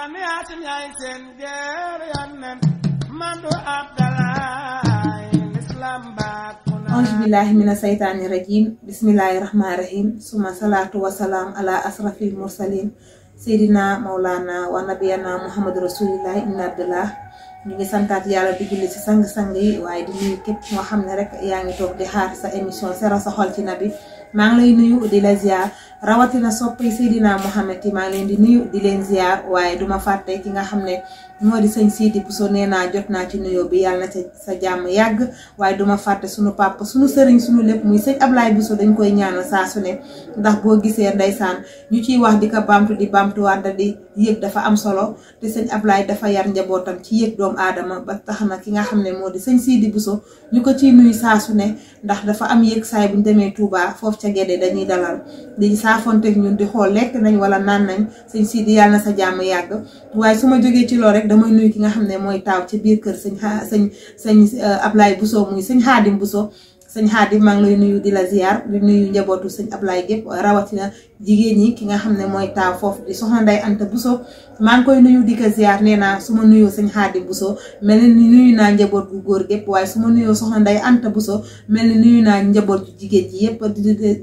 ba mi haatim yaay seen geer yànneen mandu abdalaay lislaam baak ange billahi mina rahiim suma salaatu wasalaam ala asrafil mursaliin seydina mawlana wa nabiyana muhammadu rasulillahi ibn abdullah ñu ngi santaat yàlla di julli ci sang-sang yi waaye di nuyu képp moo xam ne rek yaa ngi toog di xaar sa émission sera sa xol ci nabi maa ngi lay nuyu di la ziar rawatina soppay Seydina Mouhamed yi maa ngi leen di nuyu di leen ziar waaye duma fàtte ki nga xam ne moo di sëñ Sidi Bousso nee naa jot naa ci nuyoo bi yàlla na sa jàmm yàgg waaye duma fàtte sunu papa sunu sëriñ sunu lépp muy sëñ Ablaye Bousso dañ koy ñaanal saa su ne ndax boo gisee ndeysaan ñu ciy wax di ko bamtu di bamtuwaat da di yëg dafa am solo te sëñ Ablaye dafa yar njabootam ci yëg doomu aadama ba tax na ki nga xam ne moo di sëñ Sidi Bousso ñu ko ciy nuyu saa su ne ndax dafa am yëg saay buñ demee Touba foofu ca Gédé dañuy dalal di saafonteeg ñun di xool lekk nañ wala naan nañ sëñ Sidi yàlla sa jàmm yàgg waaye su ma jógee ci loolu rek damay nuyu ki nga xam ne mooy taaw ci biir kër sëñ xa sëñ sëñ euh, bu soo muy sëñ Xaadim Bousso sëñ Xaadim maa ngi lay nuyu di la ziar di nuyu njabootu sëñ Ablaye gépp rawatina jigéen ñi ki nga xam ne mooy taaw foofu di soxna Ndeye Anta Bousso maa ngi koy nuyu di ko ziar nee naa su ma nuyoo sëñ Xaadim Bousso mel ni nuyu naa njaboot gu góor gépp waaye su ma nuyoo soxna day Anta Bousso mel ni nuyu naa njaboot jigéen ji yëpp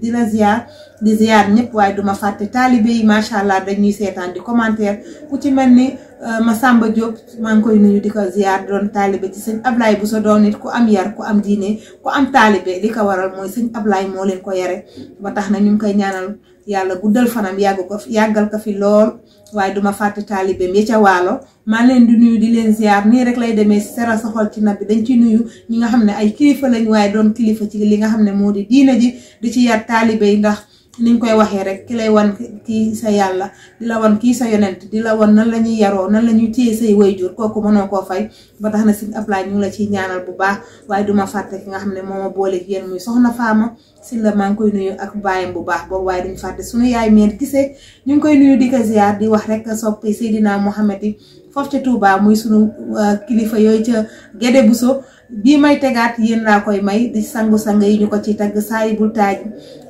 di la ziar di ziar ñëpp waaye duma fàtte taalibe yi macha allah dañuy seetaan di commentaire ku ci mel ni Euh, Massamba Diop maa ngi koy nuyu di ko ziar doon taalibe ci sëñ Ablaye bu sa doon nit ku am yar ku am diine ku am taalibe li ko waral mooy sëñ Ablaye moo leen ko yare ba tax na ñu ngi koy ñaanal yàlla guddal fanam yàgg ko yàggal ko fi lool waaye duma fàtt taalibeem ya ca waalo maa leen di nuyu di leen ziar nii rek lay demee seral sa xol ci nab bi dañ ci nuyu ñi nga xam ne ay kilifa lañ waaye doon kilifa ci li nga xam ne moo di diina ji di ci yar taalibe yi ndax niñ koy waxee rek ki lay wan kii sa yàlla di la wan kii sa yonent di la wan nan la ñuy yaroo nan la ñuy téye say wayjur kooku mënoo koo fay ba tax na sëñ Ablaye ñu la ciy ñaanal bu baax waaye duma fàtte ki nga xam ne moo ma boole yéen muy soxna Faama sëñ la maa ngi koy nuyu ak baayam bu baax boobu waaye duñu fàtte suñu yaay meen gisee ñu ngi koy nuyu di ko ziar di wax rek soppi Seydina Mohamed yi foofu ca Touba muy sunu uh, kilifa yooyu ca Gédé Bousso bii may tegaat yéen laa koy may di sangu-sang yi ñu ko ci tagg saayi bul taaj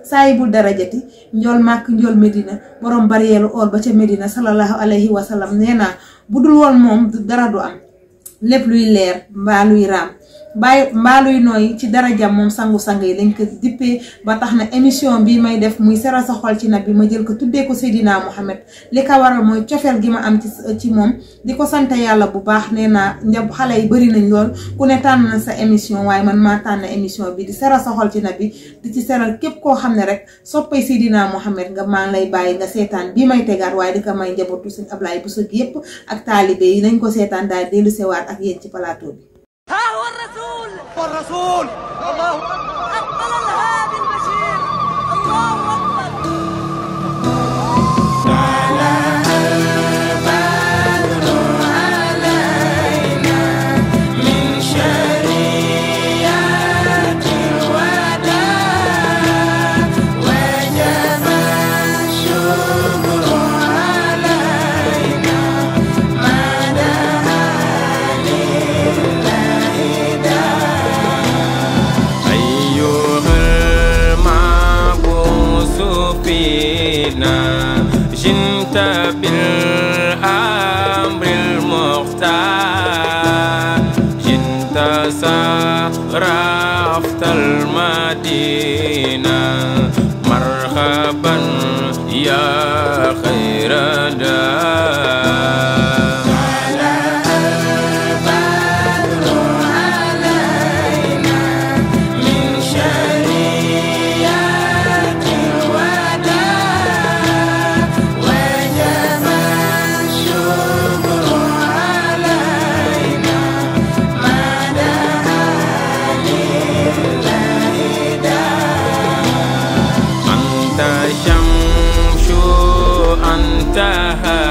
saayi bul darajati njool màkk njool médina borom bariyeelu ool ba ca médina sallallahu alayhi wa sallam nee naa bu dul woon moom dara du am lépp luy leer mbaa luy raam bàyyi mbaaluy nooy ci dara jàmm moom sangu-sang yi lañ ko dippee ba tax na émission bi may def muy seral sa xol ci nabi ma jël ko tuddee ko Seydina Mouhamed li ko waral mooy cofeel gi ma am ci ci moom di ko sant yàlla bu baax nee naa njab xale yi bëri nañ lool ku ne na sa émission waaye man maa émission bi di seral sa xol ci nabi di ci seral képp koo xam ne rek soppay Seydina Mouhamed nga maa lay bàyyi nga seetaan bi may tegaat waaye di ko may njabootu sëñ Ablaye Bousso gi yépp ak taalibe yi nañ ko seetaan daal dellu sewaat ak yéen ci plateau bi الرسول الله أكبر Yeah. die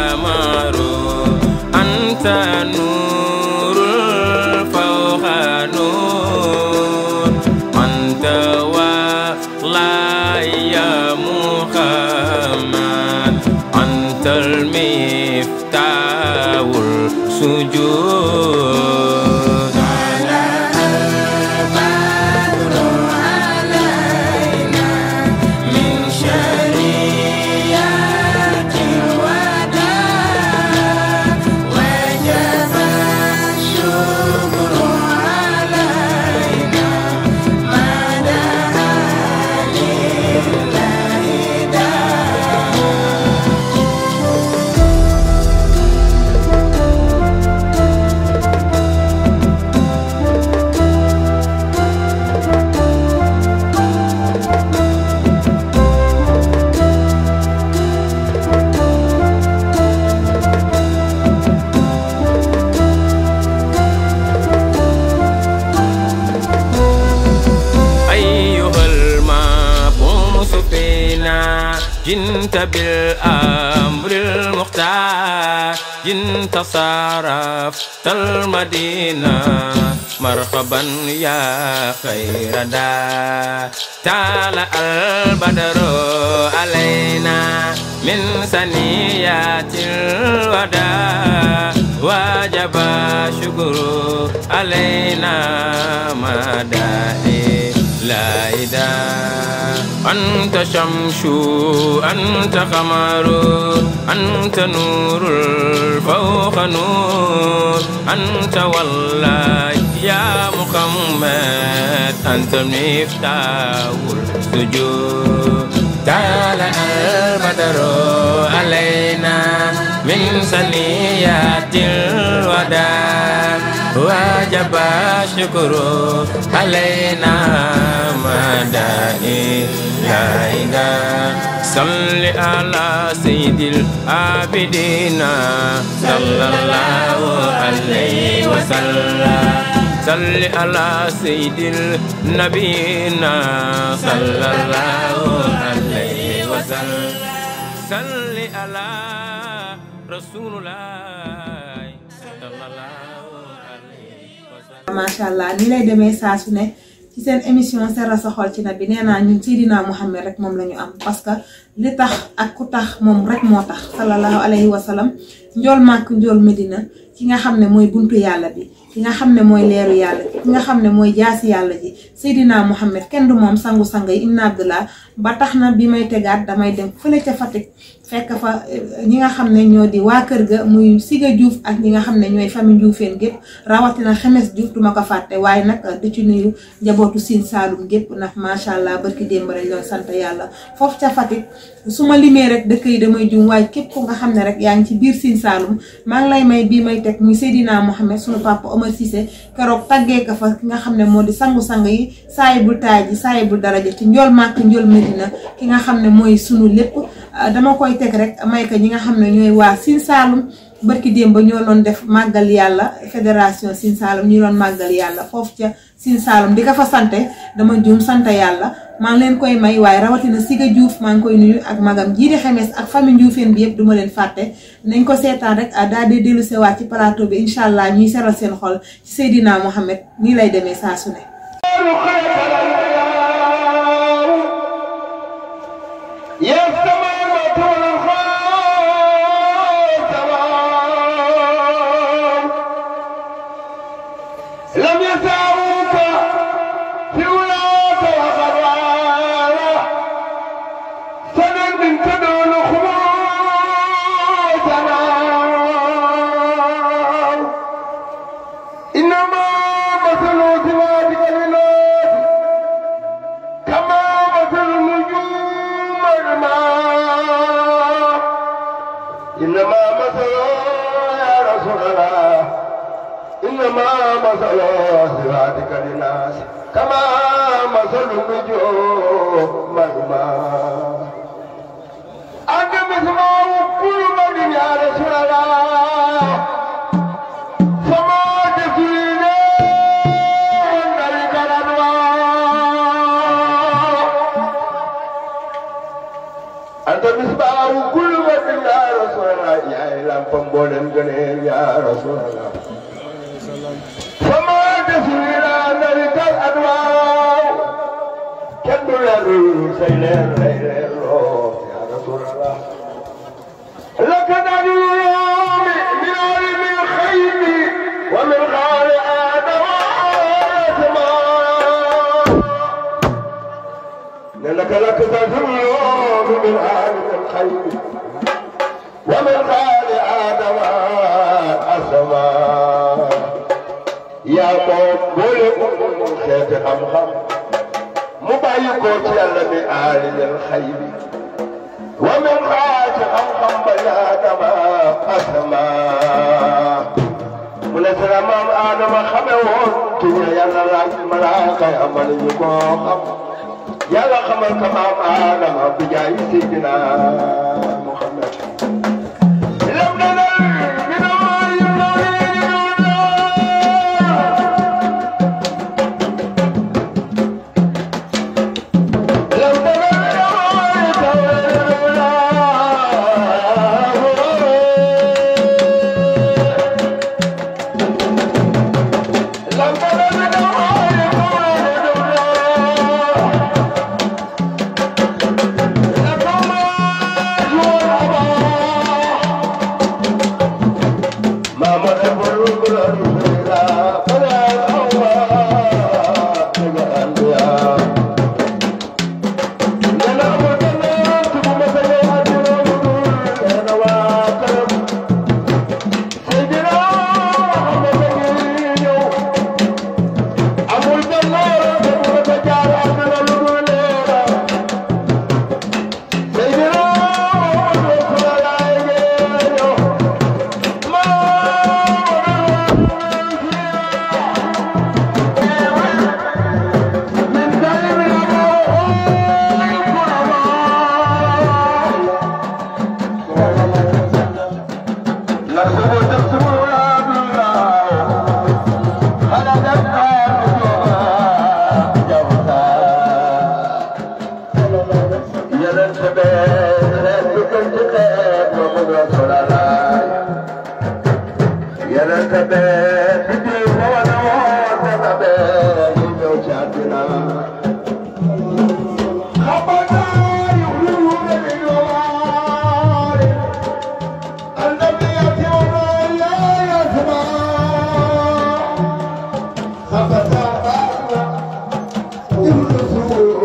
bil amril muqtar jin saraf tal madinah marhaban ya khairada tala al badru alaina min saniyatil wada wajaba syukuru alaina madai لا إله أنت شمس أنت قمر أنت نور فوق نور أنت والله يا محمد أنت مفتاح السجود تعالى البدر علينا من سنيات الوداع وجب الشكر علينا ما دائنا صل على سيد العابدين صلى الله عليه وسلم صل على سيد نبينا صلى الله عليه وسلم صل على رسول الله macha allah ni lay demee saa su ne ci seen émission seer sa xol ci na bi nee naa ñun Seydina Mouhamed rek moom la ñu am parce que li tax ak ku tax moom rek moo tax sallallahu alayhi wa sallam njool màkk njool Medina. ki nga xam ne mooy buntu yàlla bi ki nga xam ne mooy leeru yàlla nga xam ne mooy jaasi yàlla ji Seydina Muhammad kenn du moom sangu-sang yi Ibn Abdullah ba tax na bi may tegaat damay dem fële ca Fatick fekk fa eh, ñi nga xam ne ñoo di waa kër ga muy Siga Diouf ak ñi nga xam ne ñooy famille Diouféen gépp rawatina Xemes Diouf duma ko fàtte waaye nag eh, di ci nuyu njabootu Sine Saalum gépp ndax macha allah barki démb rek doon sant yàlla foofu ca Fatick su ma limee rek dëkk yi damay jum waaye képp ku nga xam ne rek yaa ngi ci biir Sine Saalum maa ngi lay may bii may teg muy Seydina Mohamed sunu papa Omar Cissé keroog taggee ka fa ki nga xam ne moo di sangu-sang yi saayi bu taay ji saayi bul daraja ci njool màkk njool Medina ki nga xam ne mooy sunu lépp ah, dama koy teg rek may ka ñi nga xam ne ñooy waa Sine Saalum bërki démb ñoo doon def màggal yàlla fédération Sine Saalum ñu doon màggal yàlla foofu ca Sine Saalum di ka fa sante dama juum sant yàlla maa leen koy may waaye rawatina Siga Diouf maa ngi koy nuyu ak magam jii di xemes ak famille Diouféen bi yëpp du ma leen fàtte nañ ko seetaan rek ah, daal di dellu sewaat ci plateau bi incha allah ñuy seral seen xol ci Seydina Mohamed nii lay demee saa su ne. إنك لتدعو من آل الخير ومن آل آدم أسماء يا مقبول خيط أمها مبايكوت يا لمي آل الخير ومن خيط أمها بيادم أسماء mu ne sa maam Adama xame woon ci ñu yàlla laaj malaaka yi amal ñu ko xam yàlla xamal ka maam Adama bu jaay Seydina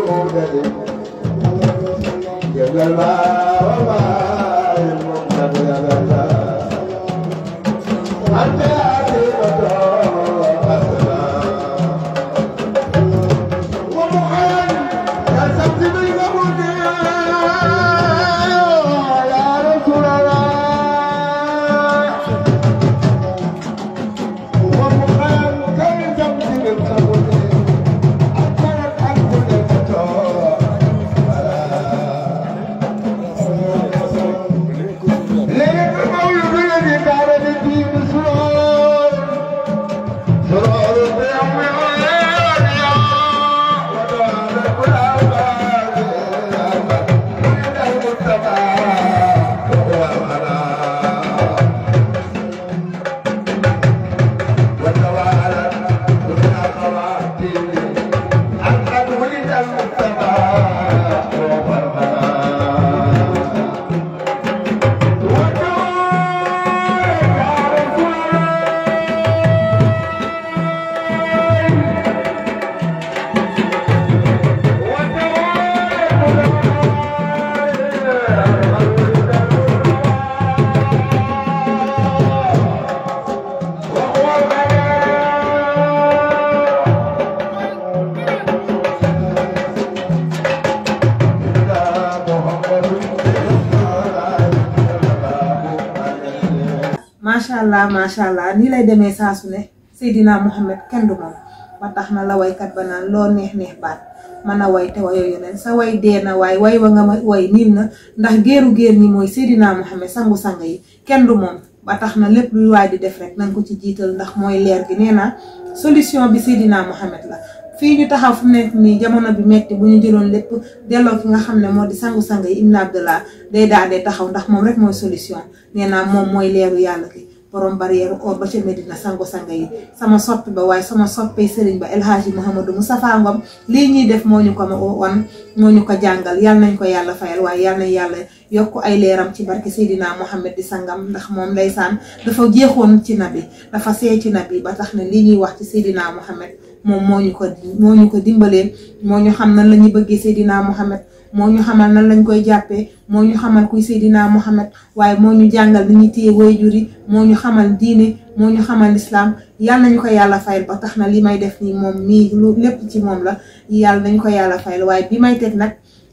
alma. tuba masha kan ni lay démé saa su ne seydina mohammed kenn ba taxna na la way kat naan lo neex neex baat mana way te wayo yenen sa way dee na waay way wa nga way niil na ndax géeru géer ni moy sayidina mohammed sangu sangay ba taxna na luy di def rek nang ko ci jiital ndax moy leer gi nee solution bi sayidina mohammed la fi ñu taxaw fu nekk ni jamono bi metti bu ñu jëloon lepp delloo fi nga xam ne di sangu sangay ibn abdallah day daal taxaw ndax mom rek moy solution nee mom moy leeru ki borom barrière or ba ca Medina sango sanga yi sama soppi ba waaye sama soppee sëriñ ba El Hadji Mouhamadou Moustapha Ngom lii ñuy def moo ñu ko won moo ñu ko jàngal yal nañ ko yàlla fayal waaye yal nañ yàlla yokk ay leeram ci barke Seydina Mohamed di sangam ndax moom saan dafa jeexoon ci nabi dafa see ci nabi ba tax na lii ñuy wax ci Seydina Mohamed moom moo ñu ko moo ñu ko dimbalee moo xam nan la ñuy bëggee Seydina Mohamed moo ñu xamal nan lañ koy jàppee moo ñu xamal kuy Seydina Muhammad waaye moo ñu jàngal li ñuy téye wayjur yi moo ñu xamal diine moo ñu xamal lislaam yàlla nañu ko yàlla fayal ba tax na li may def nii moom mii lu lépp ci moom la yàlla nañu ko yàlla fayal waaye bi may teg nag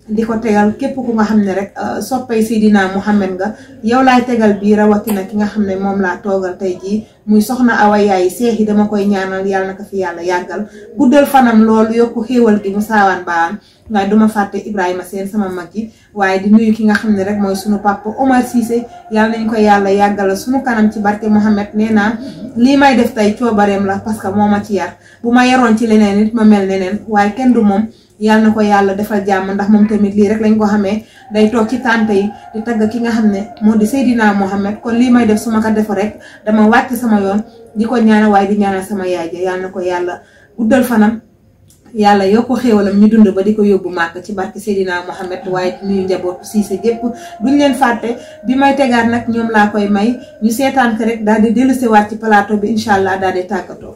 di ko tegal képp ku nga xam ne rek euh, si dinaa Mouhamed nga yow laay tegal bii rawatina ki nga xam ne moom laa toogal tey jii muy soxna Awa Yaay Seex yi dama koy ñaanal yàlla na ko fi yàlla yàggal guddal fanam loolu yokku xéewal gi mu saawaan baawaan waaye duma fàtte Ibrahima Seen sama mag yi waaye di nuyu ki nga xam ne rek mooy sunu papa Omar Cissé nañ ko yàlla yàggal sunu kanam ci barke Mouhamed nee naa lii may def tey coobareem la parce que moo ma ci yar bu ma yaroon ci leneen nit ma mel neneen waaye kenn du moom yàlla na ko yàlla defal jàmm ndax moom tamit lii rek lañ ko xamee day toog ci tànte yi di tagg ki nga xam ne moo di Seydina Mohamed kon lii may def su ma ko defee rek dama wàcc sama yoon di ko ñaanal waaye di ñaanal sama yaay ja yàlla na ko yàlla guddal fanam. yàlla yokk xéewalam ñu dund ba di ko yóbbu màkk ci barke Seydina Mohamed waaye nuyu njaboot siise gépp duñ leen fàtte bi may tegaat nag ñoom laa koy may ñu seetaan ko rek daal di dellusiwaat ci palaato bi incha allah daal di tàggatoo.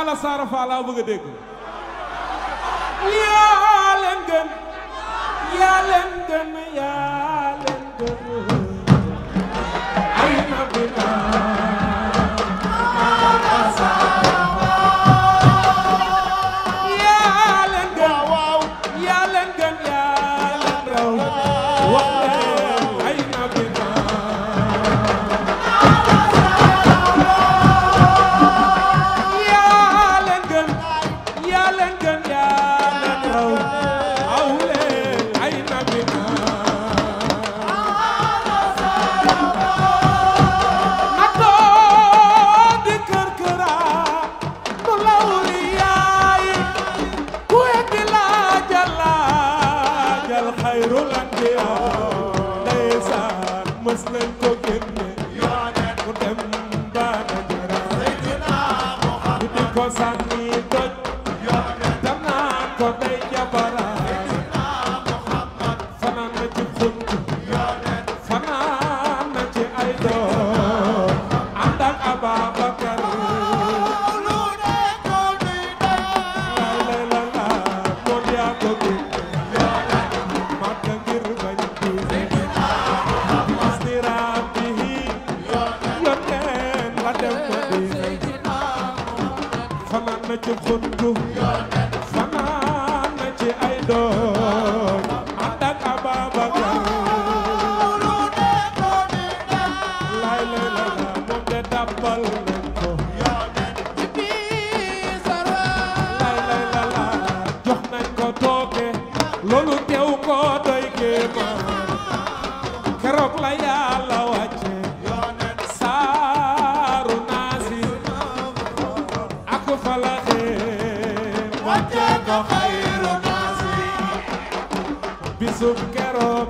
Alla Saara Fall laa bëgg a dégg yaa leen gën yaa Mas quero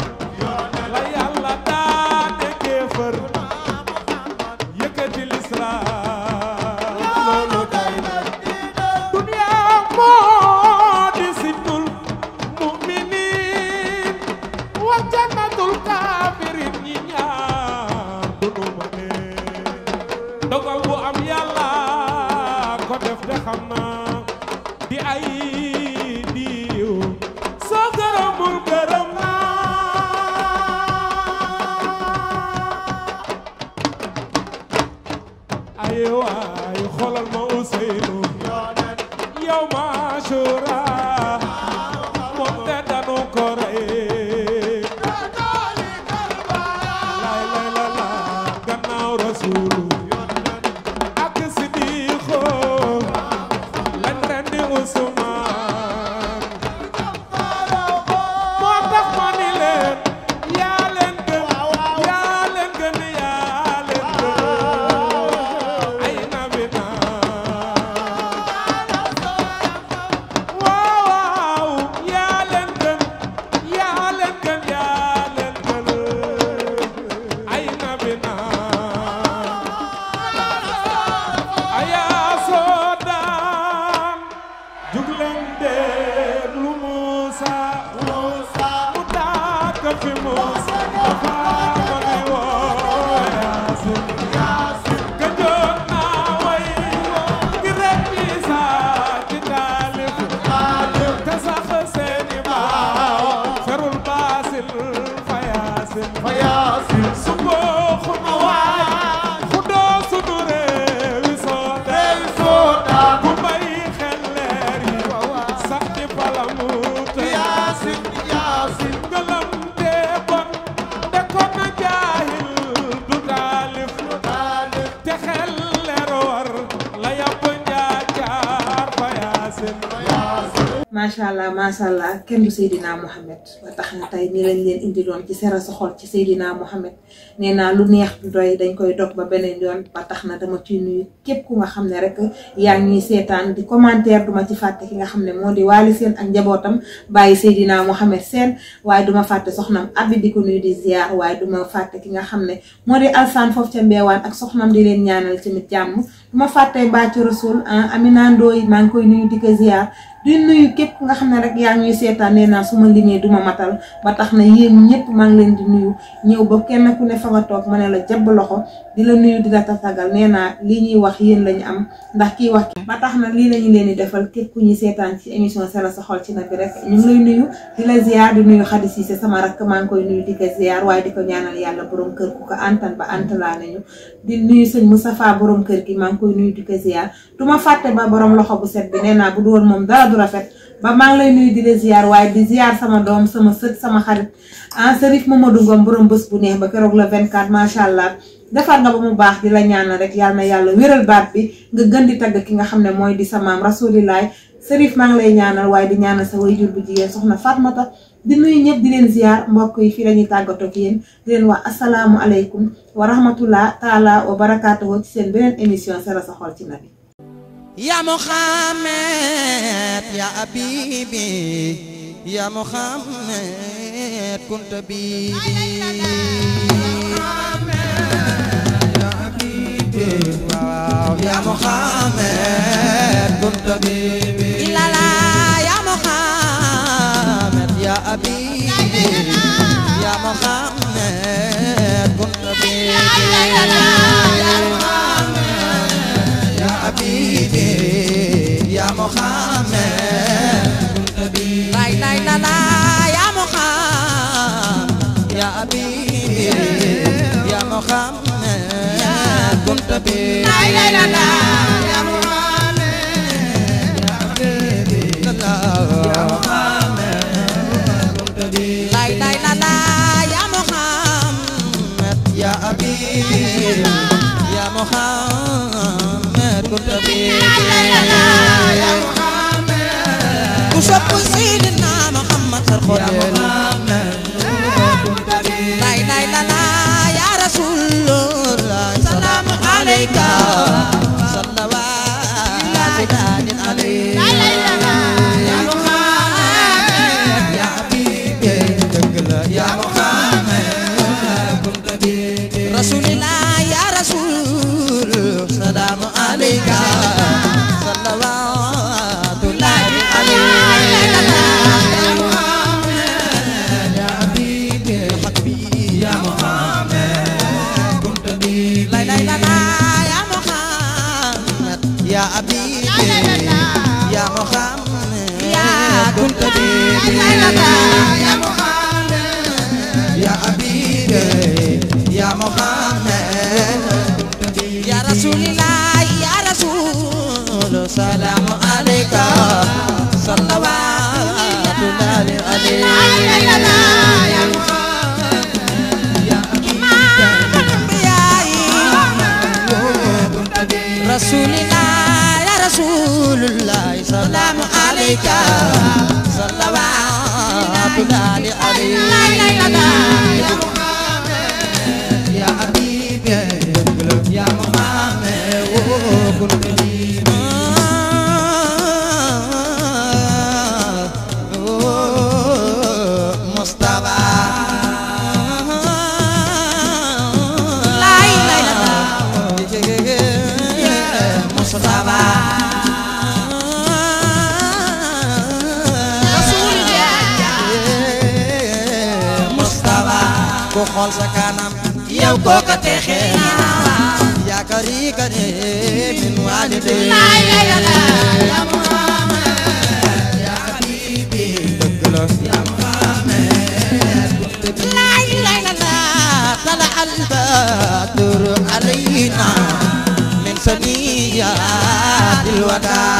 macha allah macha allah kenn du Seydina Mohamed ba tax na tey ni lañ leen indiloon ci sera sa xol ci Seydina Mohamed nee naa lu neex doy dañ koy dog ba beneen yoon ba tax na dama ci nuyu képp ku nga xam ne rek yaa ngi seetaan di commentaire duma ci fàtte ki nga xam ne moo di Waly seen ak njabootam bàyyi Seydina Mohamed seen waaye duma fàtte soxnam Abi di ko nuyu di ziar waaye duma fàtte ki nga xam ne moo di Alsaan foofu ca Mbeewaan ak soxnam di leen ñaanal tamit du ma fàttee Mbathio Rassoul Amina Ndoye maa ngi koy nuyu di ko ziar di nuyu képp nga xam ne rek yaa ñuy seetaan nee naa su ma du ma matal ba tax na yéen ñëpp maa ngi leen di nuyu ñëw ba kenn ku ne fa nga toog ma ne la jàpp loxo di la nuyu di la tatagal nee naa lii ñuy wax yéen lañu am ndax kii wax ba tax na lii lañu leen di defal képp ku ñuy seetaan ci émission Séral sa xol ci na bi rek ñu di la ziar di nuyu Khady sama rakk maa ngi koy nuyu di ko ziar waaye di ko ñaanal yàlla borom kër ku ko antan ba antalaane ñu di nuyu sëñ Moustapha borom kër gi maa koy nuyu di ziar duma fatte ba borom loxo bu set bi neena naa bu doon mom dara du rafet ba ma ngi lay nuyu di la ziar way di ziar sama dom sama seut sama xarit en Serif Mamadou Ngom borom bés bu neex ba kérok la 24 macha allah defar nga ba mu baax di la ñaanal rek yalla na yalla wëral baat bi nga gën di tag ki nga xamne moy di sama am rasulillah Serif ma ngi lay ñaanal way di ñaanal sa wayjur bu jigéen soxna Fatmata di nuyu ñëpp di leen ziar mbokk yi fii la ñuy tàggatoo di leen wax asalaamualeykum wa rahmatullah taala wa barakaatuhu ci seen beneen émission Sera sa xol ci nabi ya Muhammad ya habibi ya Muhammad kunta bibi ya Muhammad kunta يا أبي يا محمد كن بيدي يا حبيبي يا محمد كن بيدي لا لا لا يا محمد يا حبيبي يا محمد كنت بيدي لا لا لا lay lay la la ya Muhammad ya abi ya Muhammad ku tabi ya Muhammad ku sopp Seydina Muhammad sar xol ya Muhammad lay lay la la ya Rasulullah salam alayka salawat alayka رسول الله يا رسول الله سلام عليك صلى وعاد علي raw sa kanam yow kooka texe naa yaakari ka ne min waalide ya Muhammad ya habibi dëgg la ya Muhammad la ilaha illa tala alba dur alayna min saniyat alwada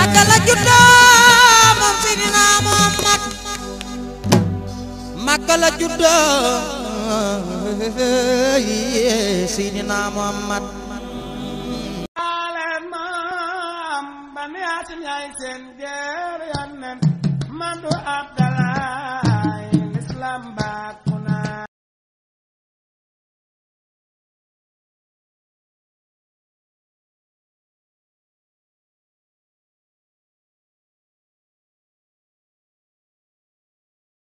Makka la juddoo moom Seydina Muhammad Makka la juddoo Seydina Muhammad aleen maam